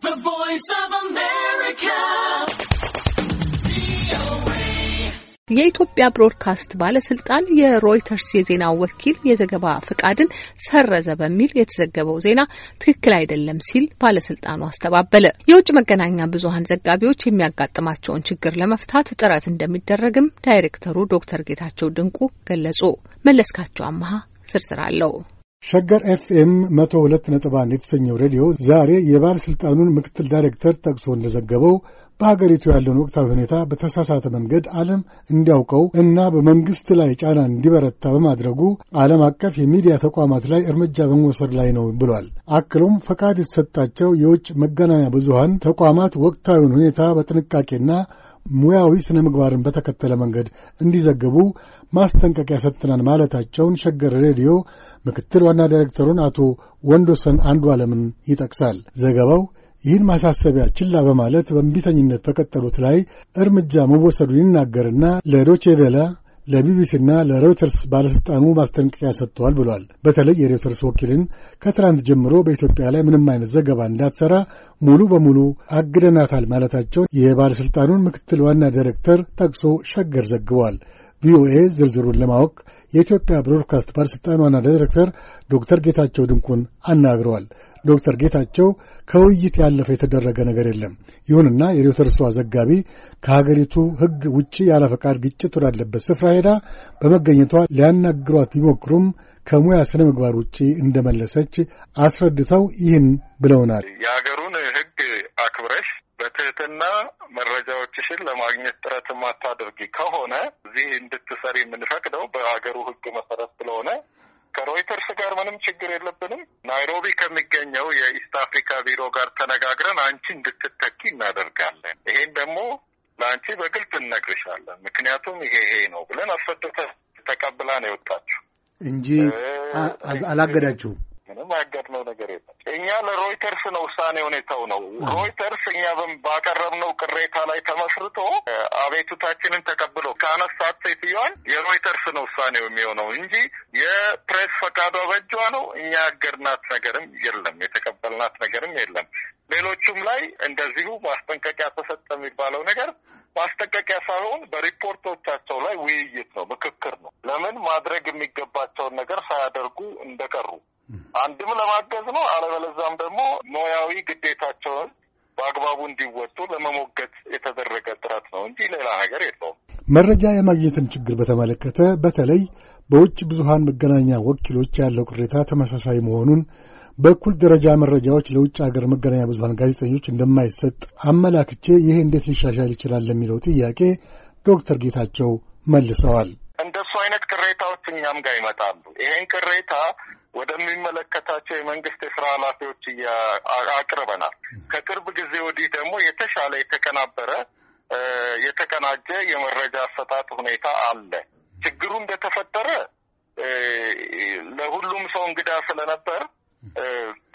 The Voice of America. የኢትዮጵያ ብሮድካስት ባለስልጣን የሮይተርስ የዜና ወኪል የዘገባ ፍቃድን ሰረዘ በሚል የተዘገበው ዜና ትክክል አይደለም ሲል ባለስልጣኑ አስተባበለ። የውጭ መገናኛ ብዙኃን ዘጋቢዎች የሚያጋጥማቸውን ችግር ለመፍታት ጥረት እንደሚደረግም ዳይሬክተሩ ዶክተር ጌታቸው ድንቁ ገለጹ። መለስካቸው አመሃ ዝርዝር አለው። ሸገር ኤፍኤም መቶ ሁለት ነጥብ አንድ የተሰኘው ሬዲዮ ዛሬ የባለሥልጣኑን ምክትል ዳይሬክተር ጠቅሶ እንደዘገበው በሀገሪቱ ያለውን ወቅታዊ ሁኔታ በተሳሳተ መንገድ ዓለም እንዲያውቀው እና በመንግሥት ላይ ጫና እንዲበረታ በማድረጉ ዓለም አቀፍ የሚዲያ ተቋማት ላይ እርምጃ በመውሰድ ላይ ነው ብሏል። አክሎም ፈቃድ የተሰጣቸው የውጭ መገናኛ ብዙሃን ተቋማት ወቅታዊውን ሁኔታ በጥንቃቄና ሙያዊ ስነ ምግባርን በተከተለ መንገድ እንዲዘግቡ ማስጠንቀቂያ ሰጥተናል ማለታቸውን ሸገር ሬዲዮ ምክትል ዋና ዳይሬክተሩን አቶ ወንዶሰን አንዱ ዓለምን ይጠቅሳል ዘገባው። ይህን ማሳሰቢያ ችላ በማለት በእንቢተኝነት በቀጠሉት ላይ እርምጃ መወሰዱን ይናገርና ለዶቼ ቬለ ለቢቢሲና ለሮይተርስ ባለሥልጣኑ ማስጠንቀቂያ ሰጥተዋል ብሏል። በተለይ የሮይተርስ ወኪልን ከትናንት ጀምሮ በኢትዮጵያ ላይ ምንም አይነት ዘገባ እንዳትሰራ ሙሉ በሙሉ አግደናታል ማለታቸውን የባለሥልጣኑን ምክትል ዋና ዳይሬክተር ጠቅሶ ሸገር ዘግቧል። ቪኦኤ ዝርዝሩን ለማወቅ የኢትዮጵያ ብሮድካስት ባለሥልጣን ዋና ዳይሬክተር ዶክተር ጌታቸው ድንቁን አናግረዋል። ዶክተር ጌታቸው ከውይይት ያለፈ የተደረገ ነገር የለም። ይሁንና የሬውተርሷ ዘጋቢ ከሀገሪቱ ሕግ ውጭ ያለ ፈቃድ ግጭት ወዳለበት ስፍራ ሄዳ በመገኘቷ ሊያናግሯት ቢሞክሩም ከሙያ ስነ ምግባር ውጭ እንደመለሰች አስረድተው ይህን ብለውናል። የሀገሩን ሕግ አክብረሽ በትህትና መረጃዎችሽን ለማግኘት ጥረት ማታደርጊ ከሆነ እዚህ እንድትሰሪ የምንፈቅደው በሀገሩ ሕግ መሰረት ስለሆነ ከሮይተርስ ጋር ምንም ችግር የለብንም። ናይሮቢ ከሚገኘው የኢስት አፍሪካ ቢሮ ጋር ተነጋግረን አንቺ እንድትተኪ እናደርጋለን። ይሄን ደግሞ ለአንቺ በግልጽ እነግርሻለን። ምክንያቱም ይሄ ይሄ ነው ብለን አስፈጥተ ተቀብላ ነው የወጣችሁ እንጂ አላገዳችሁም። ምንም አያጋድነው ነገር የለም። እኛ ለሮይተርስ ነው ውሳኔ ሁኔታው ነው። ሮይተርስ እኛ ባቀረብነው ቅሬታ ላይ ተመስርቶ አቤቱታችንን ተቀብሎ ከአነሳት ሴትዮዋን የሮይተርስ ነው ውሳኔው የሚሆነው እንጂ የፕሬስ ፈቃዷ በእጇ ነው። እኛ ያገድናት ነገርም የለም፣ የተቀበልናት ነገርም የለም። ሌሎቹም ላይ እንደዚሁ ማስጠንቀቂያ ተሰጠ የሚባለው ነገር ማስጠንቀቂያ ሳይሆን በሪፖርቶቻቸው ላይ ውይይት ነው፣ ምክክር ነው። ለምን ማድረግ የሚገባቸውን ነገር ሳያደርጉ እንደቀሩ አንድም ለማገዝ ነው፣ አለበለዛም ደግሞ ሙያዊ ግዴታቸውን በአግባቡ እንዲወጡ ለመሞገት የተደረገ ጥረት ነው እንጂ ሌላ ነገር የለውም። መረጃ የማግኘትን ችግር በተመለከተ በተለይ በውጭ ብዙሃን መገናኛ ወኪሎች ያለው ቅሬታ ተመሳሳይ መሆኑን በእኩል ደረጃ መረጃዎች ለውጭ ሀገር መገናኛ ብዙሀን ጋዜጠኞች እንደማይሰጥ አመላክቼ ይህ እንዴት ሊሻሻል ይችላል ለሚለው ጥያቄ ዶክተር ጌታቸው መልሰዋል። እንደሱ አይነት ቅሬታዎች እኛም ጋር ይመጣሉ። ይሄን ቅሬታ ወደሚመለከታቸው የመንግስት የስራ ኃላፊዎች አቅርበናል። ከቅርብ ጊዜ ወዲህ ደግሞ የተሻለ የተቀናበረ የተቀናጀ የመረጃ አሰጣጥ ሁኔታ አለ። ችግሩ እንደተፈጠረ ለሁሉም ሰው እንግዳ ስለነበር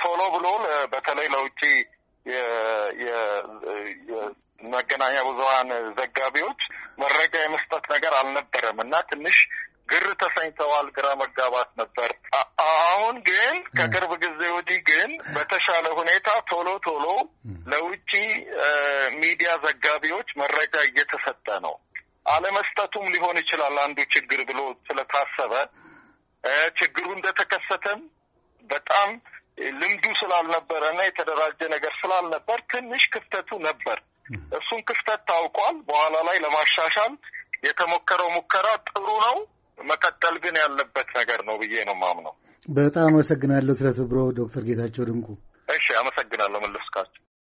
ቶሎ ብሎ በተለይ ለውጭ የመገናኛ ብዙሀን ነገር አልነበረም እና ትንሽ ግር ተሰኝተዋል። ግራ መጋባት ነበር። አሁን ግን ከቅርብ ጊዜ ወዲህ ግን በተሻለ ሁኔታ ቶሎ ቶሎ ለውጭ ሚዲያ ዘጋቢዎች መረጃ እየተሰጠ ነው። አለመስጠቱም ሊሆን ይችላል አንዱ ችግር ብሎ ስለታሰበ ችግሩ እንደተከሰተም በጣም ልምዱ ስላልነበረ እና የተደራጀ ነገር ስላልነበር ትንሽ ክፍተቱ ነበር። እሱን ክፍተት ታውቋል። በኋላ ላይ ለማሻሻል የተሞከረው ሙከራ ጥሩ ነው፣ መቀጠል ግን ያለበት ነገር ነው ብዬ ነው የማምነው። በጣም አመሰግናለሁ ስለ ትብብሮ ዶክተር ጌታቸው ድንቁ። እሺ አመሰግናለሁ መለስካቸው።